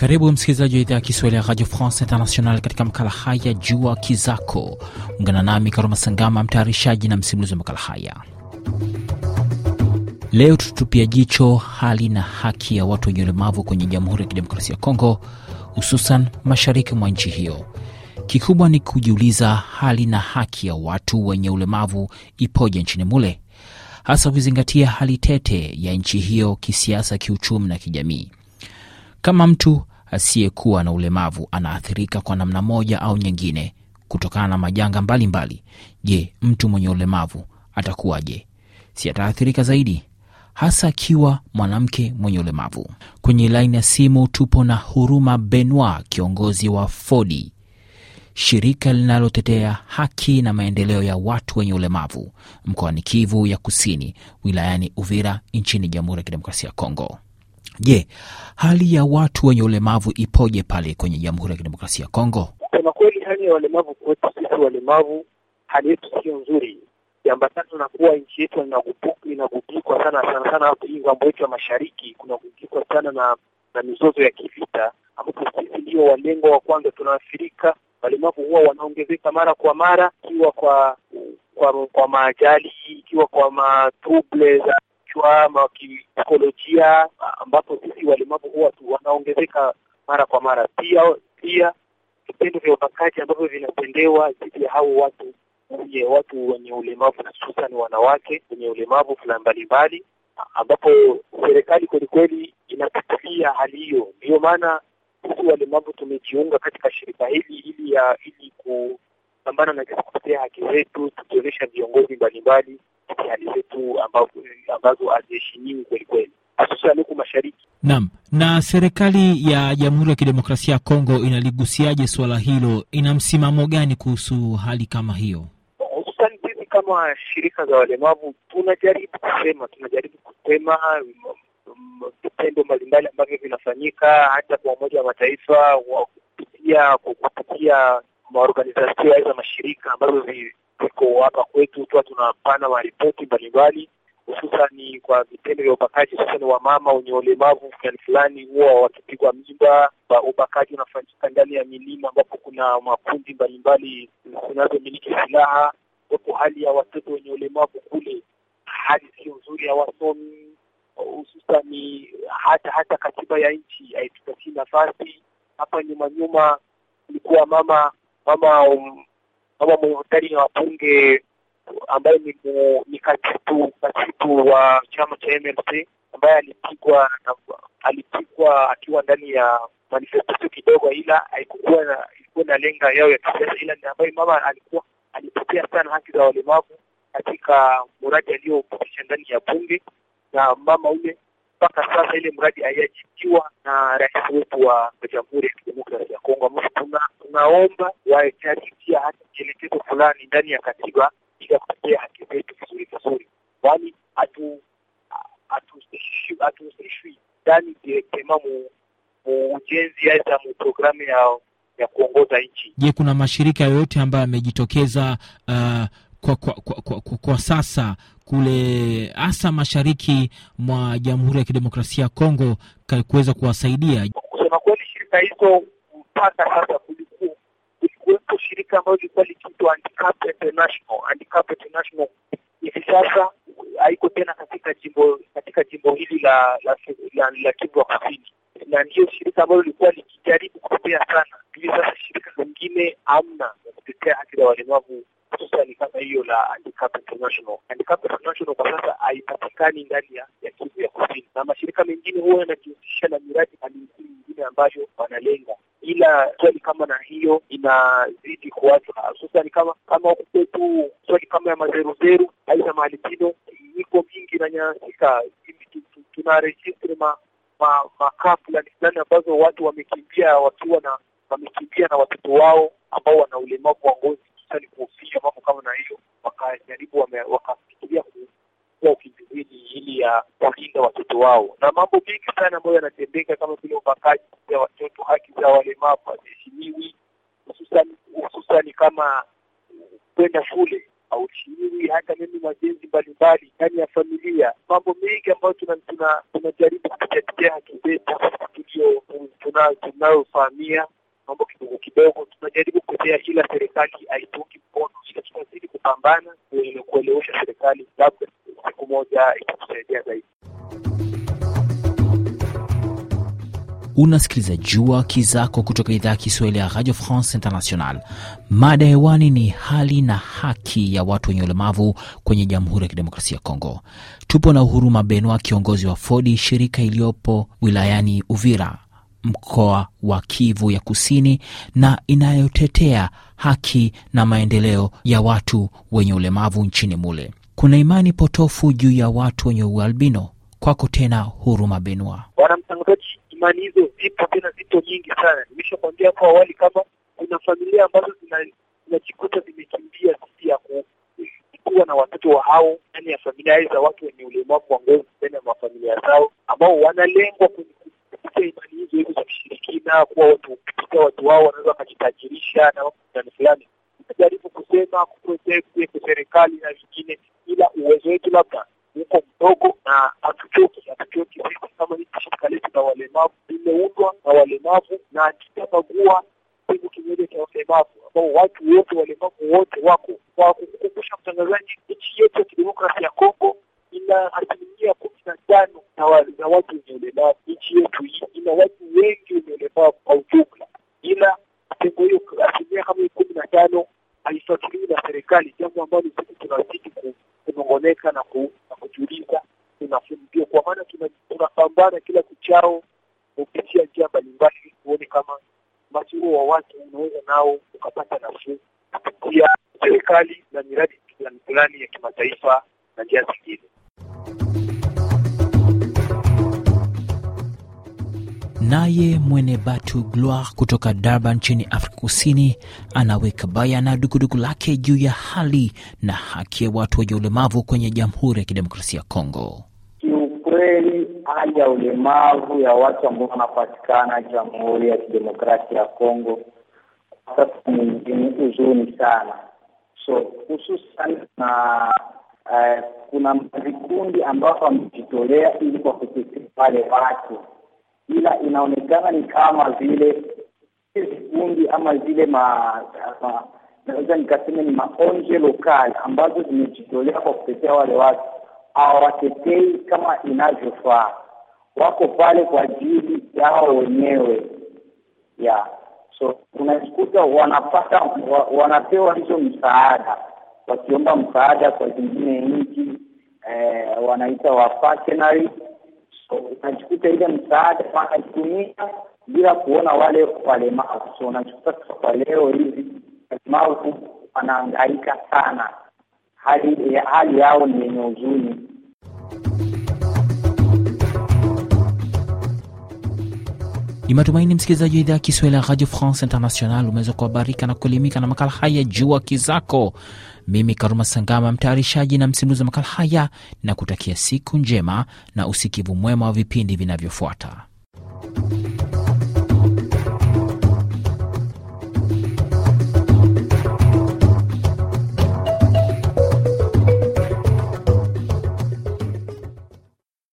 Karibu msikilizaji wa idhaa ya Kiswahili ya Radio France International katika makala haya Jua Kizako. Ungana nami Karoma Sangama, mtayarishaji na msimulizi wa makala haya. Leo tututupia jicho hali na haki ya watu wenye ulemavu kwenye Jamhuri ya Kidemokrasia ya Kongo, hususan mashariki mwa nchi hiyo. Kikubwa ni kujiuliza hali na haki ya watu wenye ulemavu ipoje nchini mule, hasa ukizingatia hali tete ya nchi hiyo kisiasa, kiuchumi na kijamii. Kama mtu asiyekuwa na ulemavu anaathirika kwa namna moja au nyingine kutokana na majanga mbalimbali. Je, mtu mwenye ulemavu atakuwaje? Si ataathirika zaidi, hasa akiwa mwanamke mwenye ulemavu? Kwenye laini ya simu tupo na Huruma benoi kiongozi wa Fodi, shirika linalotetea haki na maendeleo ya watu wenye ulemavu mkoani Kivu ya Kusini, wilayani Uvira, nchini Jamhuri ya Kidemokrasia ya Kongo. Je, hali ya watu wenye ulemavu ipoje pale kwenye Jamhuri ya Kidemokrasia ya Kongo? Kama kweli hali ya walemavu kwetu sisi walemavu, hali yetu sio nzuri, tatu na kuwa nchi yetu inagubikwa sana sana sana, hii ngambo yetu ya mashariki kunagubikwa sana na na mizozo ya kivita, ambapo sisi ndio walengwa wa kwanza tunaathirika. Walemavu huwa wanaongezeka mara kwa mara, ikiwa kwa kwa, kwa maajali, ikiwa kwa matuble za kimagonjwa ama kisaikolojia, ambapo sisi walemavu huwa wanaongezeka mara kwa mara. Pia pia vitendo vya ubakaji ambavyo vinatendewa dhidi ya hao watu wenye watu wenye ulemavu na hususani wanawake wenye ulemavu fulani mbalimbali, ambapo serikali kwelikweli inatutulia hali hiyo. Ndiyo maana sisi walemavu tumejiunga katika shirika hili ili ya ili kupambana na kutetea haki zetu, tukionyesha viongozi mbalimbali hali zetu ambazo haziheshimiwi kwelikweli, hususani huku mashariki. Naam. Na serikali ya Jamhuri ya Kidemokrasia ya Kongo inaligusiaje suala hilo? Ina msimamo gani kuhusu hali kama hiyo? Hususani sisi kama shirika za walemavu tunajaribu kusema, tunajaribu kusema mm, vitendo mbalimbali ambavyo vinafanyika hata kwa Umoja wa Mataifa wa kupitia kwa kupitia maorganizasio ya mashirika ambazo iko hapa kwetu, tuwa tunapana maripoti mbalimbali, hususani kwa vitendo vya ubakaji, hususani mama wenye ulemavu fulani fulani huwa wakipigwa mimba. Ubakaji unafanyika ndani ya milima ambapo kuna makundi mbalimbali zinazomiliki silaha wapo. Hali ya watoto wenye ulemavu kule, hali sio nzuri, ya wasomi hususani, hata hata katiba ya nchi haitupatii nafasi. Hapa nyuma nyuma ilikuwa mama mama um, ama ndani ya wabunge ambaye ni, ni katibu katibu wa chama cha MLC ambaye alipigwa alipigwa akiwa ndani ya manifesto kidogo, ila haikuwa na ilikuwa na lenga yao ya kisiasa, ila ni ambaye mama alikuwa alitetea sana haki za walemavu katika mradi aliyopitisha ndani ya bunge, na mama ule mpaka sasa ile mradi haijajibiwa na rais wetu wa Jamhuri ya Kidemokrasia ya Kongo. Tunaomba wajadili hata mabadiliko fulani ndani ya katiba ili kutetea haki zetu vizuri vizuri, bali yaani, hatuhusishwi ndani direktema mu ujenzi hata mu programu ya ya kuongoza nchi. Je, kuna mashirika yoyote ambayo yamejitokeza uh, kwa, kwa, kwa, kwa, kwa, kwa sasa kule hasa mashariki mwa Jamhuri ya Kidemokrasia ya Kongo kuweza kuwasaidia? Kusema kweli, shirika hizo mpaka sasa shirika ambayo ilikuwa likiitwa Handicap International. Handicap International hivi sasa haiko tena katika jimbo katika jimbo hili la la, la, la Kivu ya Kusini, na ndiyo shirika ambalo ilikuwa likijaribu kutetea sana. Hivi sasa shirika lingine amna ya kutetea haki za walemavu hususani kama hiyo la Handicap International. Handicap International kwa sasa haipatikani ndani ya, ya Kivu ya Kusini, na mashirika mengine huwa yanajihusisha na miradi mbalimbali mingine ambayo wanalenga ila swali kama na hiyo inazidi kuachwa hususani kama kama huku kwetu swali kama ya mazeruzeru aina maalipino iko mingi inanyanyasika tuna rejistri ma makaa fulani fulani ambazo watu wamekimbia wakiwa na wamekimbia na watoto wao ambao wana ulemavu wa ngozi hususani kuofia mambo kama na hiyo wakajaribu wakafikiria kuwa ukimbizini ili ya kuwalinda watoto wao na mambo mengi sana ambayo yanatendeka kama vile ubakaji kama kwenda shule au chini hata mimi majenzi mbalimbali ndani ya familia, mambo mengi ambayo tunajaribu kutetea haki zetu tunayofahamia mambo kidogo kidogo tunajaribu kutea, ila serikali haitungi mkono, ila tunazidi kupambana kuelewesha serikali, labda siku moja itatusaidia zaidi. Unasikiliza Jua Kizako kutoka idhaa ya Kiswahili ya Radio France International. Mada hewani ni hali na haki ya watu wenye ulemavu kwenye Jamhuri ya Kidemokrasia ya Kongo. Tupo na Uhuruma Benwa, kiongozi wa Fodi, shirika iliyopo wilayani Uvira, mkoa wa Kivu ya Kusini, na inayotetea haki na maendeleo ya watu wenye ulemavu nchini mule. Kuna imani potofu juu ya watu wenye ualbino. Kwako tena Huruma Benwa. Bwana mtangazaji, imani hizo zipo tena zipo nyingi sana. Nimeshakwambia hapo awali kama kuna familia ambazo zinajikuta zimekimbia dhidi ya kuwa na watoto wa hao ndani ya familia za watu wenye ulemavu wa ngozi ndani ya mafamilia zao ambao wanalengwa kupitia imani hizo hizo za kishirikina, kuwa watu kupitia watu wao wanaweza wakajitajirisha na fulani fulani. Najaribu kusema kuprotect serikali na vingine, ila uwezo wetu labda uko mdogo na hatuchoki akiokiiko kama hii shirika letu la walemavu limeundwa na walemavu na akitabagua kitengo kimoja cha walemavu ambao watu wote walemavu wote wako. Kwa kukumbusha mtangazaji, nchi yetu ya kidemokrasia ya Kongo ina asilimia kumi na tano za watu wenye ulemavu. Nchi yetu hii ina watu wengi wenye ulemavu kwa ujumla, ila kitengo hiyo asilimia kama kumi na tano haifuatiliwi na serikali, jambo ambalo sana kila kuchao kupitia njia mbalimbali, kuone kama umati huo wa watu unaweza nao ukapata nafuu kupitia serikali na miradi fulani fulani ya kimataifa na njia zingine. Naye Mwene Batu Gloire kutoka Durban nchini Afrika Kusini anaweka bayana dukuduku lake juu ya hali na haki ya watu wenye ulemavu kwenye Jamhuri ya Kidemokrasia ya Kongo hali ya ulemavu ya watu ambao wanapatikana Jamhuri ya Kidemokrasia ya Kongo sasa ni huzuni sana, so hususan na uh, kuna vikundi ambao wamejitolea ili kwa kutetea wale watu, ila inaonekana ni kama vile vikundi ama zile ma, ma naweza nikasema ni maonje lokali ambazo zimejitolea kwa kutetea wale watu hawawatetei kama inavyofaa wako pale kwa ajili yao wenyewe ya so unajikuta wanapata wa, wanapewa hizo msaada wakiomba msaada kwa zingine nchi eh, wanaita wa so unajikuta ile msaada wanaitumia bila kuona wale walemavu so unajikuta kwa leo hivi walemavu wanaangaika sana hali hali yao ni yenye huzuni Ni matumaini msikilizaji wa idhaa ya Kiswahili ya Radio France International umeweza kuhabarika na kuelimika na makala haya Jua Kizako. Mimi Karuma Sangama, mtayarishaji na msimulizi wa makala haya, na kutakia siku njema na usikivu mwema wa vipindi vinavyofuata.